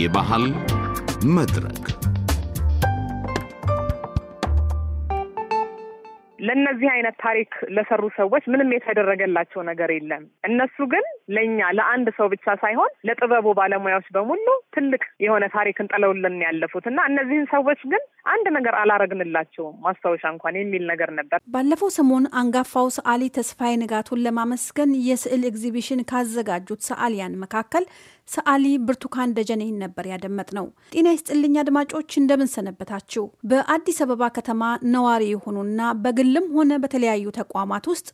የባህል መድረክ ለእነዚህ አይነት ታሪክ ለሰሩ ሰዎች ምንም የተደረገላቸው ነገር የለም። እነሱ ግን ለእኛ ለአንድ ሰው ብቻ ሳይሆን ለጥበቡ ባለሙያዎች በሙሉ ትልቅ የሆነ ታሪክን ጥለውልን ያለፉት እና እነዚህን ሰዎች ግን አንድ ነገር አላረግንላቸውም ማስታወሻ እንኳን የሚል ነገር ነበር። ባለፈው ሰሞን አንጋፋው ሰዓሊ ተስፋዬ ንጋቱን ለማመስገን የስዕል ኤግዚቢሽን ካዘጋጁት ሰዓሊያን መካከል ሰዓሊ ብርቱካን ደጀኔን ነበር ያደመጥ ነው። ጤና ይስጥልኝ አድማጮች እንደምንሰነበታችሁ። በአዲስ አበባ ከተማ ነዋሪ የሆኑና በግል በግልም ሆነ በተለያዩ ተቋማት ውስጥ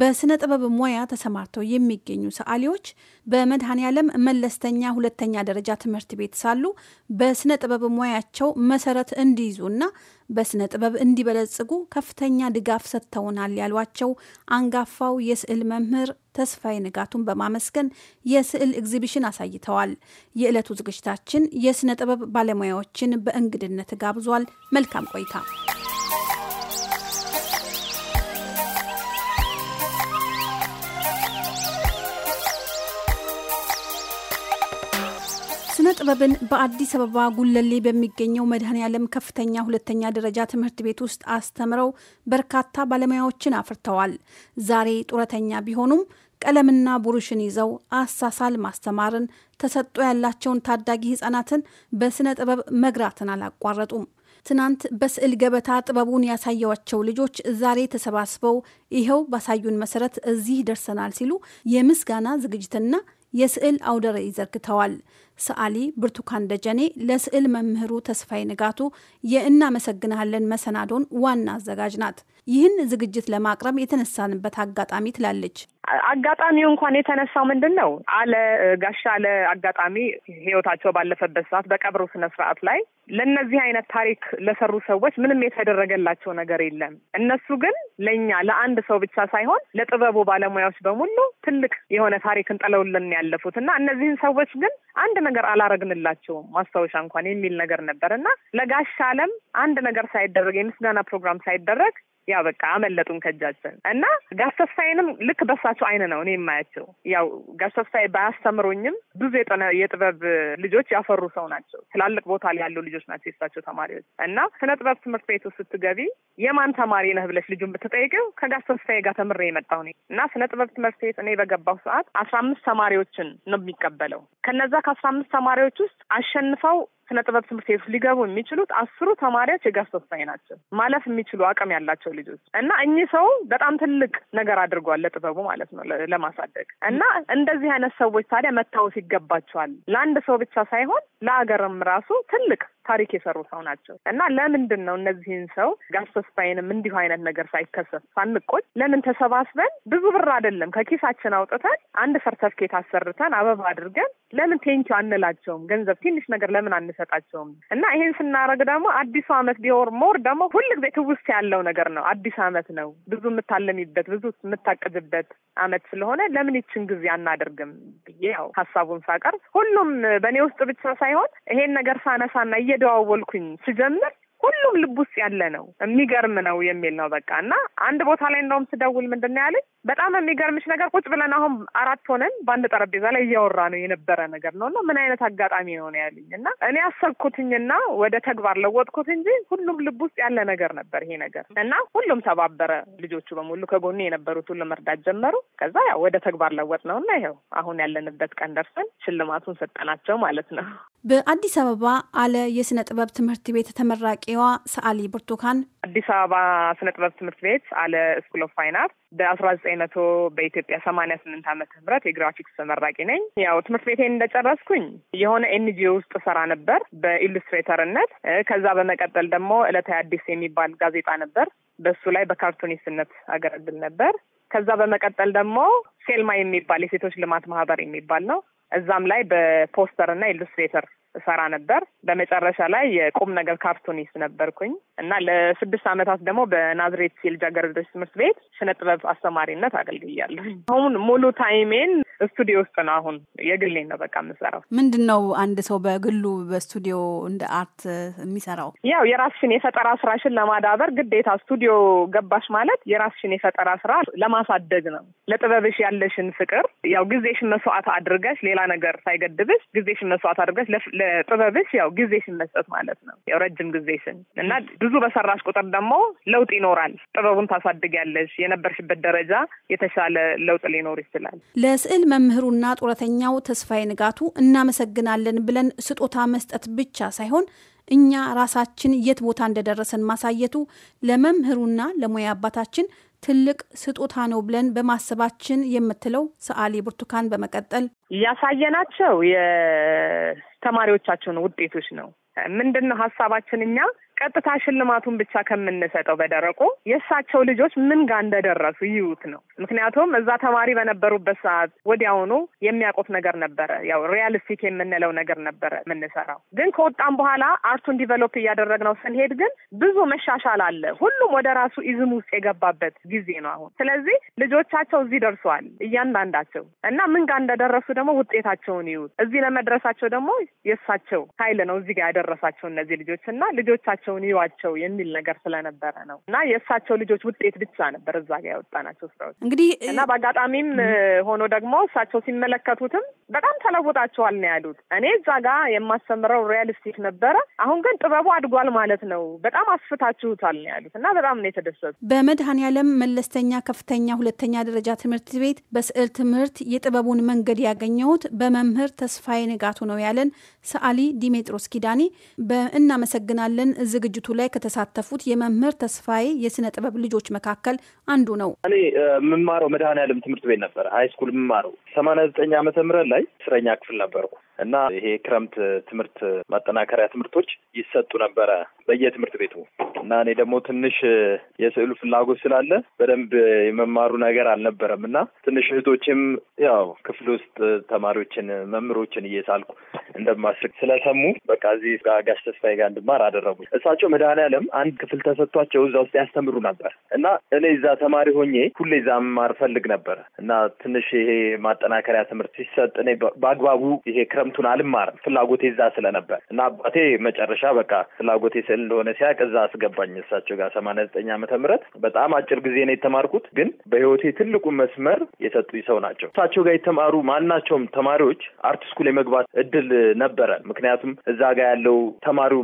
በስነ ጥበብ ሙያ ተሰማርተው የሚገኙ ሰዓሊዎች በመድኃኔዓለም መለስተኛ ሁለተኛ ደረጃ ትምህርት ቤት ሳሉ በስነ ጥበብ ሙያቸው መሰረት እንዲይዙና በስነ ጥበብ እንዲበለጽጉ ከፍተኛ ድጋፍ ሰጥተውናል ያሏቸው አንጋፋው የስዕል መምህር ተስፋዬ ንጋቱን በማመስገን የስዕል ኤግዚቢሽን አሳይተዋል። የዕለቱ ዝግጅታችን የስነ ጥበብ ባለሙያዎችን በእንግድነት ጋብዟል። መልካም ቆይታ። ጥበብን በአዲስ አበባ ጉለሌ በሚገኘው ዓለም ከፍተኛ ሁለተኛ ደረጃ ትምህርት ቤት ውስጥ አስተምረው በርካታ ባለሙያዎችን አፍርተዋል። ዛሬ ጡረተኛ ቢሆኑም ቀለምና ብሩሽን ይዘው አሳሳል ማስተማርን፣ ተሰጦ ያላቸውን ታዳጊ ህጻናትን በሥነ ጥበብ መግራትን አላቋረጡም። ትናንት በስዕል ገበታ ጥበቡን ያሳየዋቸው ልጆች ዛሬ ተሰባስበው ይኸው ባሳዩን መሰረት እዚህ ደርሰናል ሲሉ የምስጋና ዝግጅትና የስዕል አውደ ርዕይ ዘርግተዋል። ሰዓሊ ብርቱካን ደጀኔ ለስዕል መምህሩ ተስፋዬ ንጋቱ የእናመሰግንሃለን መሰናዶን ዋና አዘጋጅ ናት። ይህን ዝግጅት ለማቅረብ የተነሳንበት አጋጣሚ ትላለች። አጋጣሚው እንኳን የተነሳው ምንድን ነው አለ ጋሻ አለ አጋጣሚ ህይወታቸው ባለፈበት ሰዓት በቀብሩ ስነ ስርዓት ላይ ለእነዚህ አይነት ታሪክ ለሰሩ ሰዎች ምንም የተደረገላቸው ነገር የለም። እነሱ ግን ለእኛ ለአንድ ሰው ብቻ ሳይሆን ለጥበቡ ባለሙያዎች በሙሉ ትልቅ የሆነ ታሪክን ጥለውልን ያለፉት እና እነዚህን ሰዎች ግን አንድ ነገር አላረግንላቸውም ማስታወሻ እንኳን የሚል ነገር ነበር እና ለጋሽ አለም አንድ ነገር ሳይደረግ የምስጋና ፕሮግራም ሳይደረግ ያው በቃ አመለጡን ከእጃችን እና ጋሽ ተስፋዬንም ልክ በሳቸው አይን ነው እኔ የማያቸው። ያው ጋሽ ተስፋዬ ባያስተምሩኝም ብዙ የጥበብ ልጆች ያፈሩ ሰው ናቸው። ትላልቅ ቦታ ላይ ያሉ ልጆች ናቸው የሳቸው ተማሪዎች እና ስነ ጥበብ ትምህርት ቤቱ ስትገቢ የማን ተማሪ ነህ ብለሽ ልጁን ብትጠይቂው ከጋሽ ተስፋዬ ጋር ተምሬ የመጣሁ እኔ እና ስነ ጥበብ ትምህርት ቤት እኔ በገባሁ ሰዓት አስራ አምስት ተማሪዎችን ነው የሚቀበለው። ከነዛ ከአስራ አምስት ተማሪዎች ውስጥ አሸንፈው ስነ ጥበብ ትምህርት ቤቱ ሊገቡ የሚችሉት አስሩ ተማሪዎች የጋሽ ተወሳኝ ናቸው። ማለፍ የሚችሉ አቅም ያላቸው ልጆች እና እኚህ ሰው በጣም ትልቅ ነገር አድርጓል ለጥበቡ ማለት ነው ለማሳደግ እና እንደዚህ አይነት ሰዎች ታዲያ መታወስ ይገባቸዋል። ለአንድ ሰው ብቻ ሳይሆን ለሀገርም ራሱ ትልቅ ታሪክ የሰሩ ሰው ናቸው እና ለምንድን ነው እነዚህን ሰው ጋሽ ተስፋዬንም እንዲሁ አይነት ነገር ሳይከሰት ሳንቆጭ ለምን ተሰባስበን ብዙ ብር አይደለም ከኪሳችን አውጥተን አንድ ሰርተፍኬት አሰርተን አበባ አድርገን ለምን ቴንኪው አንላቸውም? ገንዘብ ትንሽ ነገር ለምን አንሰጣቸውም? እና ይሄን ስናደርግ ደግሞ አዲሱ አመት ቢሆር ሞር ደግሞ ሁልጊዜ ትውስት ያለው ነገር ነው። አዲስ ዓመት ነው ብዙ የምታለሚበት ብዙ የምታቅድበት አመት ስለሆነ ለምን ይችን ጊዜ አናደርግም ብዬ ያው ሀሳቡን ሳቀርብ ሁሉም በእኔ ውስጥ ብቻ ሳይሆን ይሄን ነገር ሳነሳና እየደዋወልኩኝ ስጀምር ሁሉም ልብ ውስጥ ያለ ነው። የሚገርም ነው የሚል ነው በቃ እና አንድ ቦታ ላይ እንደውም ስደውል ምንድን ያለኝ በጣም የሚገርምሽ ነገር ቁጭ ብለን አሁን አራት ሆነን በአንድ ጠረጴዛ ላይ እያወራ ነው የነበረ ነገር ነው እና ምን አይነት አጋጣሚ ነው ነው እና እኔ አሰብኩትኝና ወደ ተግባር ለወጥኩት እንጂ ሁሉም ልብ ውስጥ ያለ ነገር ነበር ይሄ ነገር እና ሁሉም ተባበረ። ልጆቹ በሙሉ ከጎኑ የነበሩት ሁሉ መርዳት ጀመሩ። ከዛ ያው ወደ ተግባር ለወጥ ነው እና ይኸው አሁን ያለንበት ቀን ደርሰን ሽልማቱን ሰጠናቸው ማለት ነው። በአዲስ አበባ አለ የስነ ጥበብ ትምህርት ቤት ተመራቂ ድምፄዋ ሰዓሊ ብርቱካን አዲስ አበባ ስነ ጥበብ ትምህርት ቤት አለ ስኩል ኦፍ ፋይን አርት በአስራ ዘጠኝ መቶ በኢትዮጵያ ሰማንያ ስምንት ዓመተ ምህረት የግራፊክስ ተመራቂ ነኝ። ያው ትምህርት ቤቴን እንደጨረስኩኝ የሆነ ኤንጂኦ ውስጥ ሰራ ነበር በኢሉስትሬተርነት። ከዛ በመቀጠል ደግሞ እለታዊ አዲስ የሚባል ጋዜጣ ነበር። በሱ ላይ በካርቱኒስትነት አገለግል ነበር። ከዛ በመቀጠል ደግሞ ሴልማ የሚባል የሴቶች ልማት ማህበር የሚባል ነው። እዛም ላይ በፖስተር እና ኢሉስትሬተር እሰራ ነበር። በመጨረሻ ላይ የቁም ነገር ካርቱኒስት ነበርኩኝ እና ለስድስት ዓመታት ደግሞ በናዝሬት የልጃገረዶች ትምህርት ቤት ስነ ጥበብ አስተማሪነት አገልግያለሁ። አሁን ሙሉ ታይሜን ስቱዲዮ ውስጥ ነው። አሁን የግሌን ነው በቃ የምሰራው። ምንድን ነው አንድ ሰው በግሉ በስቱዲዮ እንደ አርት የሚሰራው? ያው የራስሽን የፈጠራ ስራሽን ለማዳበር ግዴታ ስቱዲዮ ገባሽ ማለት የራስሽን የፈጠራ ስራ ለማሳደግ ነው። ለጥበብሽ ያለሽን ፍቅር ያው ጊዜሽን መስዋዕት አድርገሽ ሌላ ነገር ሳይገድብሽ ጊዜሽን መስዋዕት አድርገሽ ለጥበብሽ ያው ጊዜሽን መስጠት ማለት ነው። ያው ረጅም ጊዜሽን እና ብዙ በሰራሽ ቁጥር ደግሞ ለውጥ ይኖራል። ጥበቡን ታሳድጊያለሽ። የነበርሽበት ደረጃ የተሻለ ለውጥ ሊኖር ይችላል። ለስዕል መምህሩና ጡረተኛው ተስፋዬ ንጋቱ እናመሰግናለን ብለን ስጦታ መስጠት ብቻ ሳይሆን እኛ ራሳችን የት ቦታ እንደደረሰን ማሳየቱ ለመምህሩና ለሙያ አባታችን ትልቅ ስጦታ ነው ብለን በማሰባችን የምትለው ሰዓሊ ብርቱካን በመቀጠል እያሳየናቸው የተማሪዎቻቸውን ውጤቶች ነው። ምንድን ነው ሀሳባችን እኛ ቀጥታ ሽልማቱን ብቻ ከምንሰጠው በደረቁ የእሳቸው ልጆች ምን ጋር እንደደረሱ ይዩት ነው። ምክንያቱም እዛ ተማሪ በነበሩበት ሰዓት ወዲያውኑ የሚያውቁት ነገር ነበረ። ያው ሪያሊስቲክ የምንለው ነገር ነበረ የምንሰራው። ግን ከወጣም በኋላ አርቱን ዲቨሎፕ እያደረግነው ስንሄድ ግን ብዙ መሻሻል አለ። ሁሉም ወደ ራሱ ኢዝም ውስጥ የገባበት ጊዜ ነው አሁን። ስለዚህ ልጆቻቸው እዚህ ደርሰዋል እያንዳንዳቸው እና ምን ጋር እንደደረሱ ደግሞ ውጤታቸውን ይዩት። እዚህ ለመድረሳቸው ደግሞ የእሳቸው ኃይል ነው እዚህ ጋር ያደረሳቸው እነዚህ ልጆች እና ልጆቻቸውን ይዋቸው የሚል ነገር ስለነበረ ነው እና የእሳቸው ልጆች ውጤት ብቻ ነበር እዛ ጋር ያወጣናቸው ስራዎች። እንግዲህ እና በአጋጣሚም ሆኖ ደግሞ እሳቸው ሲመለከቱትም በጣም ተለውጣቸዋል ነው ያሉት። እኔ እዛ ጋ የማስተምረው ሪያሊስቲክ ነበረ፣ አሁን ግን ጥበቡ አድጓል ማለት ነው። በጣም አስፍታችሁታል ነው ያሉት እና በጣም ነው የተደሰቱ። በመድኃኔዓለም መለስተኛ ከፍተኛ ሁለተኛ ደረጃ ትምህርት ቤት በስዕል ትምህርት የጥበቡን መንገድ ያገኘሁት በመምህር ተስፋዬ ንጋቱ ነው ያለን ሰዓሊ ዲሜጥሮስ ኪዳኔ። እናመሰግናለን። ዝግጅቱ ላይ ከተሳተፉት የመምህር ተስፋዬ የስነ ጥበብ ልጆች መካከል አንዱ ነው። የምማረው መድኃኔዓለም ትምህርት ቤት ነበር ሀይ ስኩል የምማረው ሰማንያ ዘጠኝ ዓመተ ምህረት ላይ እስረኛ ክፍል ነበርኩ። እና ይሄ ክረምት ትምህርት ማጠናከሪያ ትምህርቶች ይሰጡ ነበረ በየትምህርት ቤቱ እና እኔ ደግሞ ትንሽ የስዕሉ ፍላጎት ስላለ በደንብ የመማሩ ነገር አልነበረም እና ትንሽ እህቶችም ያው ክፍል ውስጥ ተማሪዎችን፣ መምህሮችን እየሳልኩ እንደማስቅ ስለሰሙ በቃ እዚህ ጋር ጋሽ ተስፋዬ ጋር እንድማር አደረጉ። እሳቸው መድኃኔዓለም አንድ ክፍል ተሰጥቷቸው እዛ ውስጥ ያስተምሩ ነበር እና እኔ እዛ ተማሪ ሆኜ ሁሌ እዛ መማር ፈልግ ነበር እና ትንሽ ይሄ ማጠናከሪያ ትምህርት ሲሰጥ እኔ በአግባቡ ይሄ ክረ ክረምቱን አልማርም ፍላጎቴ እዛ ስለነበር እና አባቴ መጨረሻ በቃ ፍላጎቴ ስዕል እንደሆነ እዛ አስገባኝ እሳቸው ጋር ሰማንያ ዘጠኝ ዓመተ ምህረት በጣም አጭር ጊዜ ነው የተማርኩት፣ ግን በህይወቴ ትልቁ መስመር የሰጡኝ ሰው ናቸው። እሳቸው ጋር የተማሩ ማናቸውም ተማሪዎች አርት ስኩል የመግባት እድል ነበረ። ምክንያቱም እዛ ጋር ያለው ተማሪው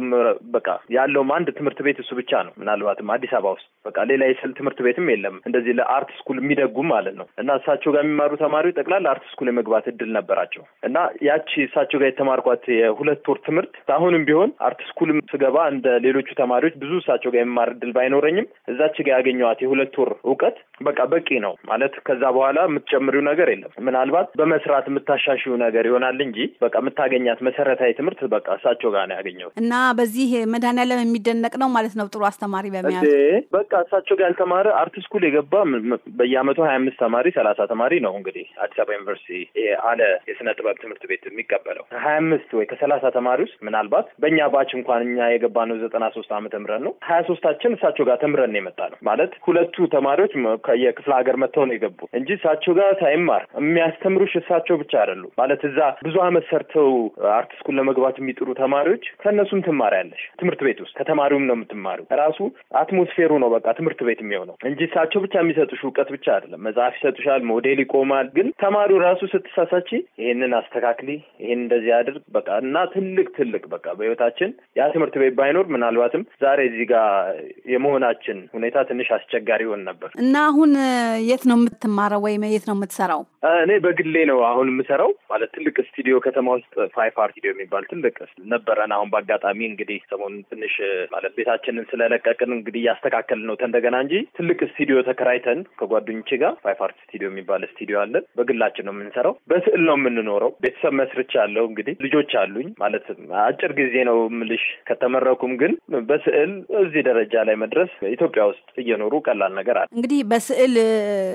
በቃ ያለውም አንድ ትምህርት ቤት እሱ ብቻ ነው። ምናልባትም አዲስ አበባ ውስጥ በቃ ሌላ የስዕል ትምህርት ቤትም የለም እንደዚህ ለአርት ስኩል የሚደጉም ማለት ነው። እና እሳቸው ጋር የሚማሩ ተማሪዎች ጠቅላላ አርት ስኩል የመግባት እድል ነበራቸው እና ያቺ እሳቸው ጋር የተማርኳት የሁለት ወር ትምህርት አሁንም ቢሆን አርት ስኩልም ስገባ እንደ ሌሎቹ ተማሪዎች ብዙ እሳቸው ጋር የመማር እድል ባይኖረኝም እዛች ጋር ያገኘኋት የሁለት ወር እውቀት በቃ በቂ ነው ማለት ከዛ በኋላ የምትጨምሪው ነገር የለም። ምናልባት በመስራት የምታሻሽው ነገር ይሆናል እንጂ በቃ የምታገኛት መሰረታዊ ትምህርት በቃ እሳቸው ጋር ነው ያገኘሁት እና በዚህ መድኃኒዓለም የሚደነቅ ነው ማለት ነው። ጥሩ አስተማሪ በመያዝ በቃ እሳቸው ጋር ያልተማረ አርት ስኩል የገባ በየአመቱ ሀያ አምስት ተማሪ ሰላሳ ተማሪ ነው እንግዲህ አዲስ አበባ ዩኒቨርሲቲ አለ የስነ ጥበብ ትምህርት ቤት የሚቀ የተቀበለው ሀያ አምስት ወይ ከሰላሳ ውስጥ ምናልባት በእኛ ባች እንኳን እኛ ነው ዘጠና ሶስት አመት ምህረት ነው። ሀያ ሶስታችን እሳቸው ጋር ተምረን የመጣ ነው ማለት ሁለቱ ተማሪዎች የክፍለ ሀገር መጥተው ነው የገቡ እንጂ እሳቸው ጋር ሳይማር የሚያስተምሩሽ እሳቸው ብቻ አይደሉ ማለት እዛ ብዙ ዓመት ሰርተው አርት ስኩል ለመግባት የሚጥሩ ተማሪዎች ከእነሱም ትማሪያለሽ። ትምህርት ቤት ውስጥ ከተማሪውም ነው የምትማሪው። ራሱ አትሞስፌሩ ነው በቃ ትምህርት ቤት የሚሆነው እንጂ እሳቸው ብቻ የሚሰጡሽ እውቀት ብቻ አይደለም። መጽሐፍ ይሰጡሻል፣ ሞዴል ይቆማል። ግን ተማሪው ራሱ ስትሳሳች ይህንን አስተካክሊ፣ ይህን እንደዚህ አድርግ በቃ እና ትልቅ ትልቅ በቃ በህይወታችን ያ ትምህርት ቤት ባይኖር ምናልባትም ዛሬ እዚህ ጋር የመሆናችን ሁኔታ ትንሽ አስቸጋሪ ይሆን ነበር እና አሁን የት ነው የምትማረው ወይም የት ነው የምትሰራው? እኔ በግሌ ነው አሁን የምሰራው ማለት ትልቅ ስቱዲዮ ከተማ ውስጥ ፋይፍ አር ስቱዲዮ የሚባል ትልቅ ነበረን። አሁን በአጋጣሚ እንግዲህ ሰሞኑን ትንሽ ማለት ቤታችንን ስለለቀቅን እንግዲህ እያስተካከልን ነው ተንደገና እንጂ ትልቅ ስቱዲዮ ተከራይተን ከጓደኞቼ ጋር ፋይፍ አር ስቱዲዮ የሚባል ስቱዲዮ አለን። በግላችን ነው የምንሰራው። በስዕል ነው የምንኖረው። ቤተሰብ መስርቻ አለው እንግዲህ ልጆች አሉኝ ማለት አጭር ጊዜ ነው ምልሽ ከተመረኩም ግን በስዕል እዚህ ደረጃ ላይ መድረስ ኢትዮጵያ ውስጥ እየኖሩ ቀላል ነገር አለ። እንግዲህ በስዕል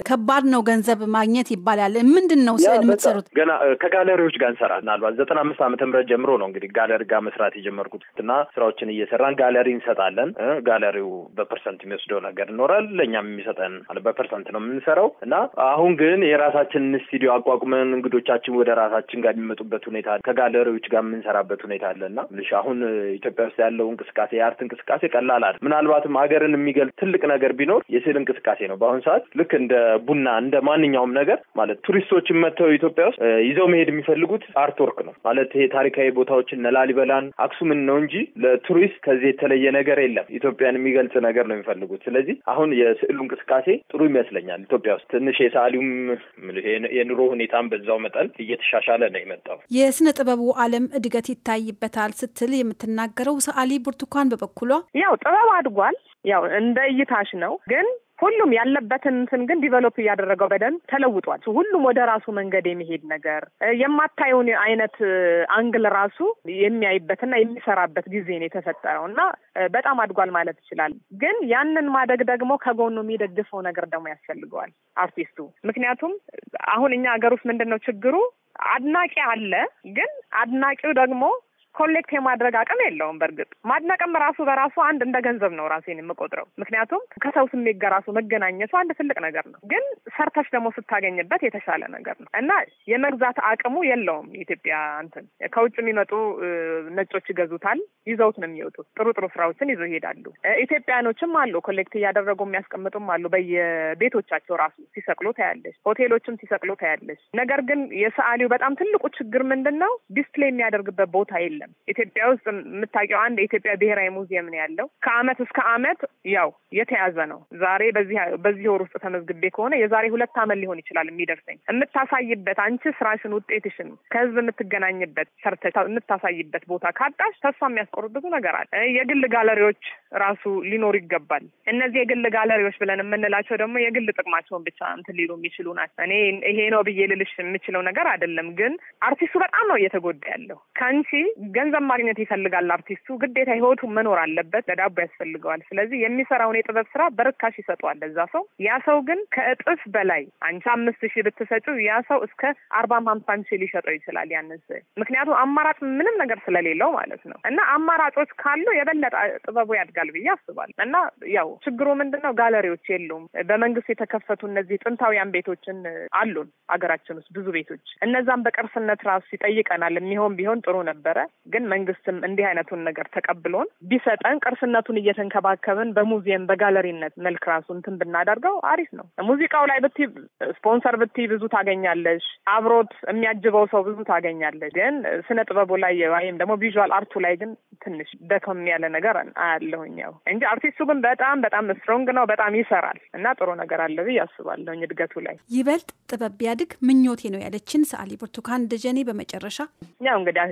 ከባድ ነው ገንዘብ ማግኘት ይባላል። ምንድን ነው ስዕል የምትሰሩት? ገና ከጋለሪዎች ጋር እንሰራ ምናልባት ዘጠና አምስት ዓመተ ምህረት ጀምሮ ነው እንግዲህ ጋለሪ ጋር መስራት የጀመርኩት እና ስራዎችን እየሰራን ጋለሪ እንሰጣለን። ጋለሪው በፐርሰንት የሚወስደው ነገር ይኖራል። ለእኛም የሚሰጠን በፐርሰንት ነው የምንሰራው እና አሁን ግን የራሳችንን ስቱዲዮ አቋቁመን እንግዶቻችን ወደ ራሳችን ጋር የሚመጡበት ሁኔታ ከጋለሪዎች ጋር የምንሰራበት ሁኔታ አለ እና አሁን ኢትዮጵያ ውስጥ ያለው እንቅስቃሴ የአርት እንቅስቃሴ ቀላል አለ። ምናልባትም ሀገርን የሚገልጽ ትልቅ ነገር ቢኖር የስዕል እንቅስቃሴ ነው። በአሁኑ ሰዓት ልክ እንደ ቡና እንደ ማንኛውም ነገር ማለት ቱሪስቶችን መጥተው ኢትዮጵያ ውስጥ ይዘው መሄድ የሚፈልጉት አርትወርክ ነው ማለት ይሄ ታሪካዊ ቦታዎችን ነላሊበላን፣ አክሱምን ነው እንጂ ለቱሪስት ከዚህ የተለየ ነገር የለም። ኢትዮጵያን የሚገልጽ ነገር ነው የሚፈልጉት። ስለዚህ አሁን የስዕሉ እንቅስቃሴ ጥሩ ይመስለኛል። ኢትዮጵያ ውስጥ ትንሽ የሰዓሊውም የኑሮ ሁኔታም በዛው መጠን እየተሻሻለ ነው የመጣው። የስነ ጥበቡ ዓለም እድገት ይታይበታል ስትል የምትናገረው ሰዓሊ ብርቱካን በበኩሏ ያው ጥበብ አድጓል፣ ያው እንደ እይታሽ ነው ግን ሁሉም ያለበትን እንትን ግን ዲቨሎፕ እያደረገው በደንብ ተለውጧል። ሁሉም ወደ ራሱ መንገድ የሚሄድ ነገር የማታየውን አይነት አንግል ራሱ የሚያይበትና የሚሰራበት ጊዜ ነው የተፈጠረው እና በጣም አድጓል ማለት ይችላል። ግን ያንን ማደግ ደግሞ ከጎኑ የሚደግፈው ነገር ደግሞ ያስፈልገዋል አርቲስቱ። ምክንያቱም አሁን እኛ ሀገር ውስጥ ምንድን ነው ችግሩ? አድናቂ አለ፣ ግን አድናቂው ደግሞ ኮሌክት የማድረግ አቅም የለውም። በእርግጥ ማድነቅም ራሱ በራሱ አንድ እንደ ገንዘብ ነው ራሴን የምቆጥረው። ምክንያቱም ከሰው ስሜት ጋር ራሱ መገናኘቱ አንድ ትልቅ ነገር ነው። ግን ሰርተሽ ደግሞ ስታገኝበት የተሻለ ነገር ነው እና የመግዛት አቅሙ የለውም። የኢትዮጵያ እንትን ከውጭ የሚመጡ ነጮች ይገዙታል፣ ይዘውት ነው የሚወጡት። ጥሩ ጥሩ ስራዎችን ይዘው ይሄዳሉ። ኢትዮጵያኖችም አሉ ኮሌክት እያደረጉ የሚያስቀምጡም አሉ። በየቤቶቻቸው ራሱ ሲሰቅሉ ታያለች፣ ሆቴሎችም ሲሰቅሉ ታያለች። ነገር ግን የሰዓሊው በጣም ትልቁ ችግር ምንድን ነው? ዲስፕሌይ የሚያደርግበት ቦታ የለም። የለም። ኢትዮጵያ ውስጥ የምታውቂው አንድ የኢትዮጵያ ብሔራዊ ሙዚየም ነው ያለው። ከአመት እስከ አመት ያው የተያዘ ነው። ዛሬ በዚህ በዚህ ወር ውስጥ ተመዝግቤ ከሆነ የዛሬ ሁለት አመት ሊሆን ይችላል የሚደርሰኝ። የምታሳይበት አንቺ ስራሽን፣ ውጤትሽን ከህዝብ የምትገናኝበት ሰርተ የምታሳይበት ቦታ ካጣሽ ተስፋ የሚያስቆሩ ብዙ ነገር አለ። የግል ጋለሪዎች ራሱ ሊኖሩ ይገባል። እነዚህ የግል ጋለሪዎች ብለን የምንላቸው ደግሞ የግል ጥቅማቸውን ብቻ እንትን ሊሉ የሚችሉ ናቸው። እኔ ይሄ ነው ብዬ ልልሽ የምችለው ነገር አይደለም፣ ግን አርቲስቱ በጣም ነው እየተጎዳ ያለው ከአንቺ ገንዘብ ማግኘት ይፈልጋል አርቲስቱ። ግዴታ ህይወቱ መኖር አለበት፣ ለዳቦ ያስፈልገዋል። ስለዚህ የሚሰራውን የጥበብ ስራ በርካሽ ይሰጠዋል ለዛ ሰው። ያ ሰው ግን ከእጥፍ በላይ አንቺ አምስት ሺህ ብትሰጪው ያ ሰው እስከ አርባም ሀምሳም ሺህ ሊሸጠው ይችላል ያን ስዕል። ምክንያቱም አማራጭ ምንም ነገር ስለሌለው ማለት ነው። እና አማራጮች ካሉ የበለጠ ጥበቡ ያድጋል ብዬ አስባል እና ያው ችግሩ ምንድን ነው? ጋለሪዎች የሉም። በመንግስት የተከፈቱ እነዚህ ጥንታውያን ቤቶችን አሉን ሀገራችን ውስጥ ብዙ ቤቶች። እነዛም በቅርስነት ራሱ ይጠይቀናል። የሚሆን ቢሆን ጥሩ ነበረ። ግን መንግስትም እንዲህ አይነቱን ነገር ተቀብሎን ቢሰጠን ቅርስነቱን እየተንከባከብን በሙዚየም በጋለሪነት መልክ ራሱ እንትን ብናደርገው አሪፍ ነው። ሙዚቃው ላይ ብቲ ስፖንሰር ብቲ ብዙ ታገኛለሽ፣ አብሮት የሚያጅበው ሰው ብዙ ታገኛለሽ። ግን ስነ ጥበቡ ላይ ወይም ደግሞ ቪዥዋል አርቱ ላይ ግን ትንሽ ደከም ያለ ነገር አያለሁኝ ያው እንጂ አርቲስቱ ግን በጣም በጣም ስትሮንግ ነው፣ በጣም ይሰራል እና ጥሩ ነገር አለ ብዬ አስባለሁኝ እድገቱ ላይ ይበልጥ ጥበብ ቢያድግ ምኞቴ ነው ያለችን ሰዓሊ ብርቱካን ደጀኔ በመጨረሻ ያው እንግዲህ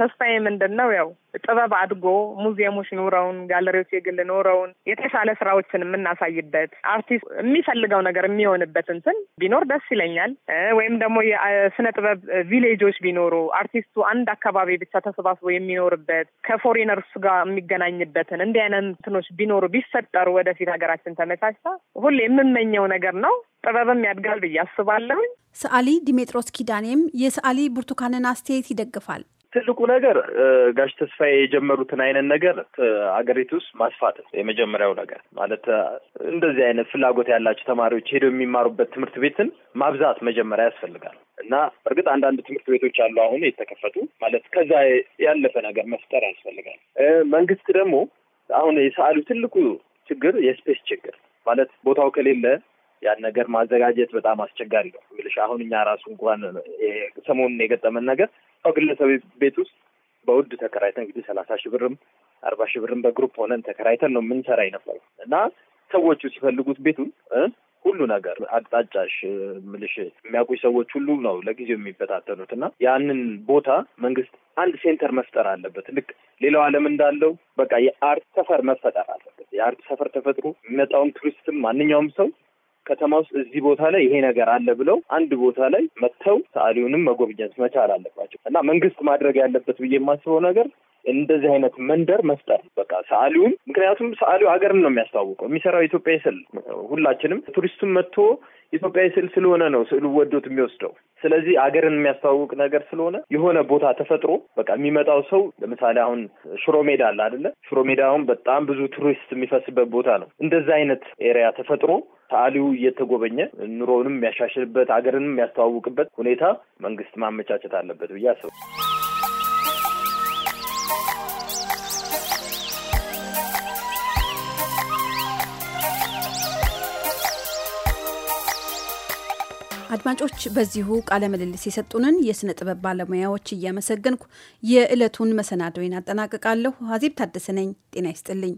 ተስፋዬ ምንድን ነው ያው ጥበብ አድጎ ሙዚየሞች ኖረውን፣ ጋለሪዎች የግል ኖረውን የተሻለ ስራዎችን የምናሳይበት አርቲስት የሚፈልገው ነገር የሚሆንበት እንትን ቢኖር ደስ ይለኛል። ወይም ደግሞ የስነ ጥበብ ቪሌጆች ቢኖሩ አርቲስቱ አንድ አካባቢ ብቻ ተሰባስቦ የሚኖርበት ከፎሬነርስ ጋር የሚገናኝበትን እንዲህ አይነት እንትኖች ቢኖሩ ቢፈጠሩ ወደፊት ሀገራችን ተመቻችታ ሁሌ የምመኘው ነገር ነው። ጥበብም ያድጋል ብዬ አስባለሁ። ሰዓሊ ዲሜጥሮስ ኪዳኔም የሰዓሊ ብርቱካንን አስተያየት ይደግፋል። ትልቁ ነገር ጋሽ ተስፋዬ የጀመሩትን አይነት ነገር አገሪቱ ውስጥ ማስፋት የመጀመሪያው ነገር ማለት እንደዚህ አይነት ፍላጎት ያላቸው ተማሪዎች ሄደው የሚማሩበት ትምህርት ቤትን ማብዛት መጀመሪያ ያስፈልጋል እና እርግጥ አንዳንድ ትምህርት ቤቶች አሉ አሁን የተከፈቱ ማለት ከዛ ያለፈ ነገር መፍጠር ያስፈልጋል። መንግስት ደግሞ አሁን የሰዓሉ ትልቁ ችግር የስፔስ ችግር ማለት ቦታው ከሌለ ያን ነገር ማዘጋጀት በጣም አስቸጋሪ ነው የምልሽ። አሁን እኛ ራሱ እንኳን ሰሞኑን የገጠመን ነገር ያው ግለሰብ ቤት ውስጥ በውድ ተከራይተን እንግዲህ ሰላሳ ሺህ ብርም አርባ ሺህ ብርም በግሩፕ ሆነን ተከራይተን ነው የምንሰራ የነበረው እና ሰዎቹ ሲፈልጉት ቤቱን ሁሉ ነገር አቅጣጫሽ ምልሽ የሚያውቁኝ ሰዎች ሁሉ ነው ለጊዜው የሚበታተኑት እና ያንን ቦታ መንግስት አንድ ሴንተር መፍጠር አለበት። ልክ ሌላው ዓለም እንዳለው በቃ የአርት ሰፈር መፈጠር አለበት። የአርት ሰፈር ተፈጥሮ የሚመጣውም ቱሪስትም ማንኛውም ሰው ከተማ ውስጥ እዚህ ቦታ ላይ ይሄ ነገር አለ ብለው አንድ ቦታ ላይ መጥተው ሰዓሊውንም መጎብኘት መቻል አለባቸው እና መንግስት ማድረግ ያለበት ብዬ የማስበው ነገር እንደዚህ አይነት መንደር መፍጠር በቃ ሰዓሊውም ምክንያቱም ሰዓሊው ሀገርን ነው የሚያስተዋውቀው የሚሰራው ኢትዮጵያዊ ስል ሁላችንም ቱሪስቱም መጥቶ ኢትዮጵያዊ ስዕል ስለሆነ ነው ስዕሉ ወዶት የሚወስደው። ስለዚህ አገርን የሚያስተዋውቅ ነገር ስለሆነ የሆነ ቦታ ተፈጥሮ በቃ የሚመጣው ሰው ለምሳሌ አሁን ሽሮ ሜዳ አለ አይደለ? ሽሮ ሜዳ አሁን በጣም ብዙ ቱሪስት የሚፈስበት ቦታ ነው። እንደዛ አይነት ኤሪያ ተፈጥሮ ሰዓሊው እየተጎበኘ ኑሮውንም የሚያሻሽልበት ሀገርንም የሚያስተዋውቅበት ሁኔታ መንግስት ማመቻቸት አለበት ብዬ አስብ አድማጮች በዚሁ ቃለ ምልልስ የሰጡንን የስነ ጥበብ ባለሙያዎች እያመሰገንኩ የዕለቱን መሰናዶዬን አጠናቅቃለሁ። አዜብ ታደሰ ነኝ። ጤና ይስጥልኝ።